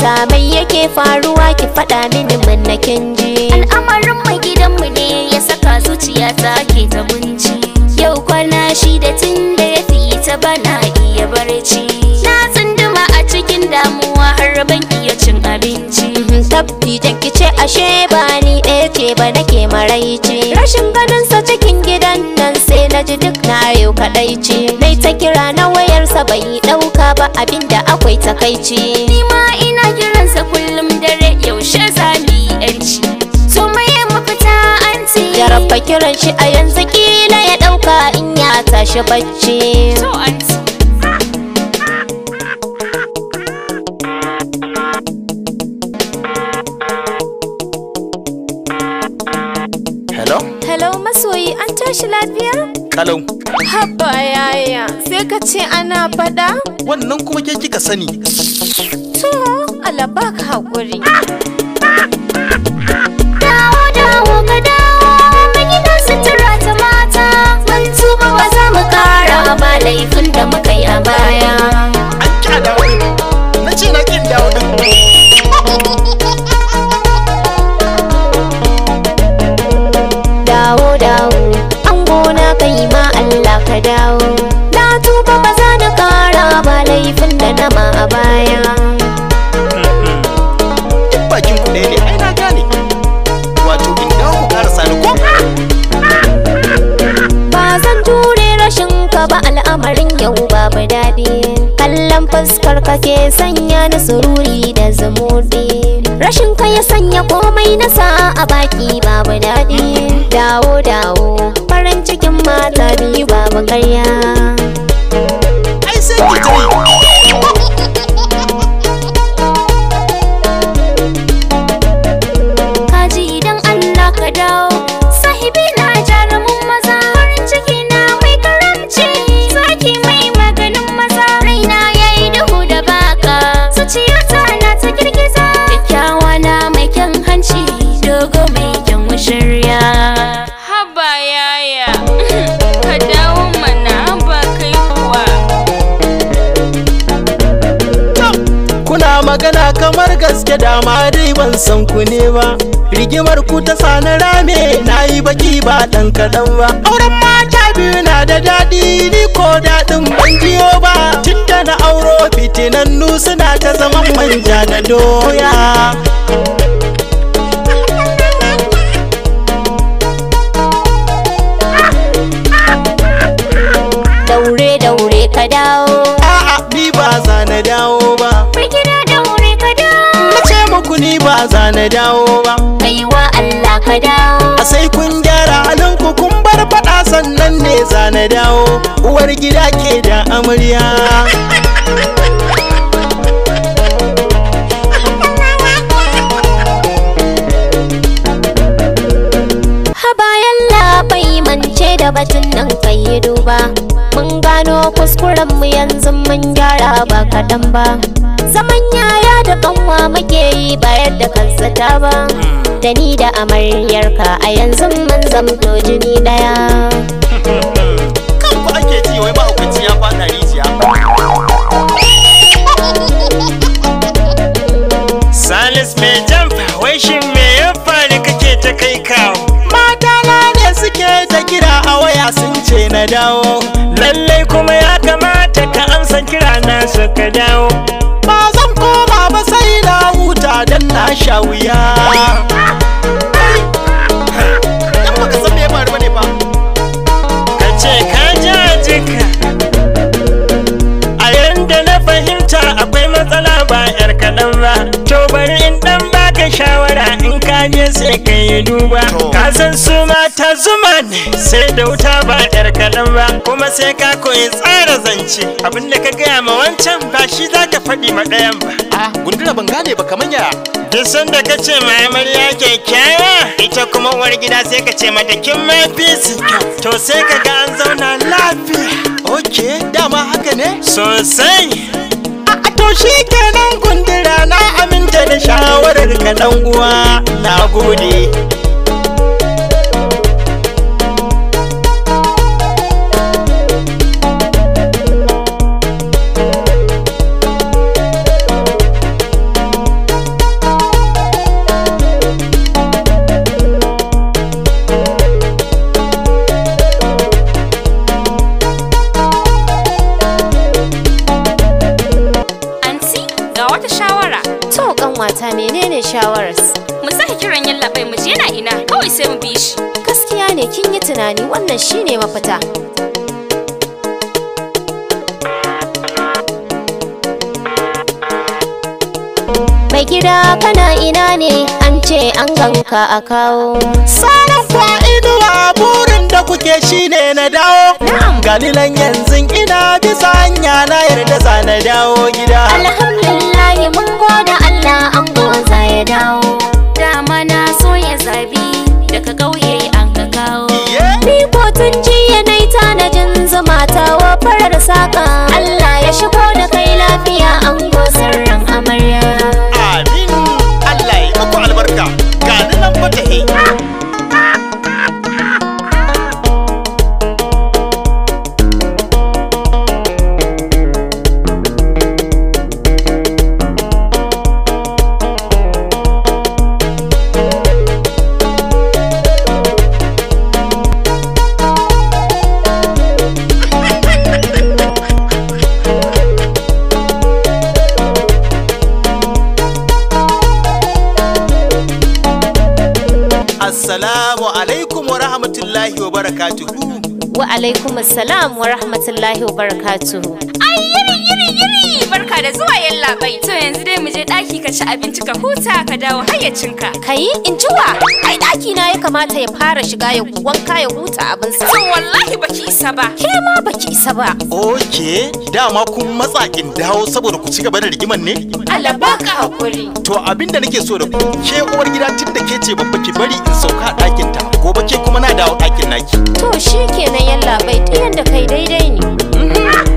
ta mai yake faruwa ki faɗa mini na kinji al'amarin gidan mu ne ya saka zuciya ta ke ta bunci yau kwana shida tun da ya fi ta bana iya barci na tsunduma a cikin damuwa har ban iya cin abinci mhm, tabbi ki ce ashe ba ni ɗaya ce ba nake maraice. rashin ganin sa cikin gidan nan sai na ji duk na yau kaɗai ce nai ta kira na wayarsa bai ɗauka ba abinda akwai takaici ni ma ina rabba kiran shi a yanzu kila ya ɗauka in ya tashi bacci Hello? Hello masoyi an tashi lafiya? Kalau. Haba yaya sai ka ce ana faɗa? Wannan kuma ke kika sani. To, alabak baka haƙuri. ba laifin da muka yi a baya dawo dawo an gona kai ma Allah ka dawo na tuba ba za na kara ba laifin da nama a baya babu daɗi kallon fuskar ka ke sanya na sururi da zumudi rashin ka ya sanya komai na sa a baki babu daɗi dawo dawo farin cikin mata biyu babu karya magana kamar gaske dama dai ban san ku ne ba rigimar ku ta sani rame na yi baki ba dan kaɗan ba auren mata biyu na da daɗi ni ko daɗin ban jiyo ba tun na auro fitinannu suna ta zaman manja na doya ba za na dawo ba baiwa Allah ka dawo a sai kun gyara halin ku kun bar fada sannan ne za na dawo uwar gida ke da amarya da batun nan kai yi duba mun gano kuskurenmu yanzu mun gyara ba kaɗan ba zaman yaya da kan muke yi bayar da kansa ta ba da ni da amaryarka a yanzu mun zamto jini daya kanku ake ji wai ba hukunci ya fada rijiya salis mai jamfa wai shin me ya faru kake ta kai kawo suke ta kira a waya sun ce na dawo lallai kuma ya kamata ka amsa kira na suka dawo check biyu sai ka yi duba ka san su mata zuma ne sai da wuta ba yar kaɗan ba kuma sai ka koyi tsara zance abinda ka gaya ma wancan ba shi za ka faɗi ma ɗayan ba a gundura ban gane ba kamar ya duk sanda ka ce ma amarya kyakkyawa ita kuma uwar gida sai ka ce mata kin ma fi to sai ka ga an zauna lafiya ok dama haka ne sosai shi kenan gundura na aminta da shawarar ka uwa na gode mata menene shawararsu? Mu saka kiran yallaɓai mu je na ina kawai sai mu bi shi. Gaskiya ne kin yi tunani wannan shine mafita. Mai gida kana ina ne an ce an ganka a kawo. Sanin kwa a burin da kuke shine na dawo. ganilan yanzu ina bisa hanya na yarda zana dawo gida alhamdulillah mun gode Allah an goza ya dawo dama na so ya zabi daga ƙauye an ka kawo ni ko tun jiya na tanajin zuma ta wa farar saka Allah ya shigo da kai lafiya an gosar ran amarya amin Allah ya muku albarka ga nan fatahi rahmatullahi wa barakatuhu. Wa alaikum assalam wa rahmatullahi wa barakatuhu. Ai yiri yiri yiri barka da zuwa yalla bai. To yanzu dai mu je daki ka ci abinci ka huta ka dawo hayyacinka. Kai in jiwa ai daki na ya kamata ya fara shiga ya wanka ya huta abin sa. To wallahi baki isa ba. Ke ma baki isa ba. Okay dama kun kin dawo saboda ku ci gaba da rigiman ne? Allah ka hakuri. To abinda nake so da ku ke uwar gida tun da ke ce babba ki bari in sauka dakin ta. gobe ke kuma na dawo ɗakin naki to shikenan yallaɓai ta da kai daidai ne mhm.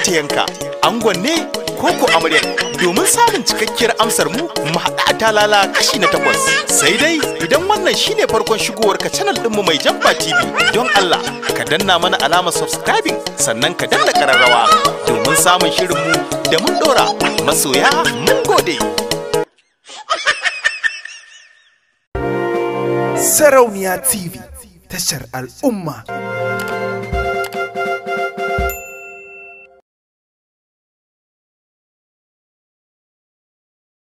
ratayenka angon ne ko ko amarya domin samun cikakkiyar amsar mu mu haɗa a talala kashi na takwas sai dai idan wannan shine farkon shigowar ka canal mu mai jamba tv don allah ka danna mana alamar subscribing sannan ka danna kararrawa domin samun shirinmu da mun dora masoya mun gode sarauniya tv tashar al'umma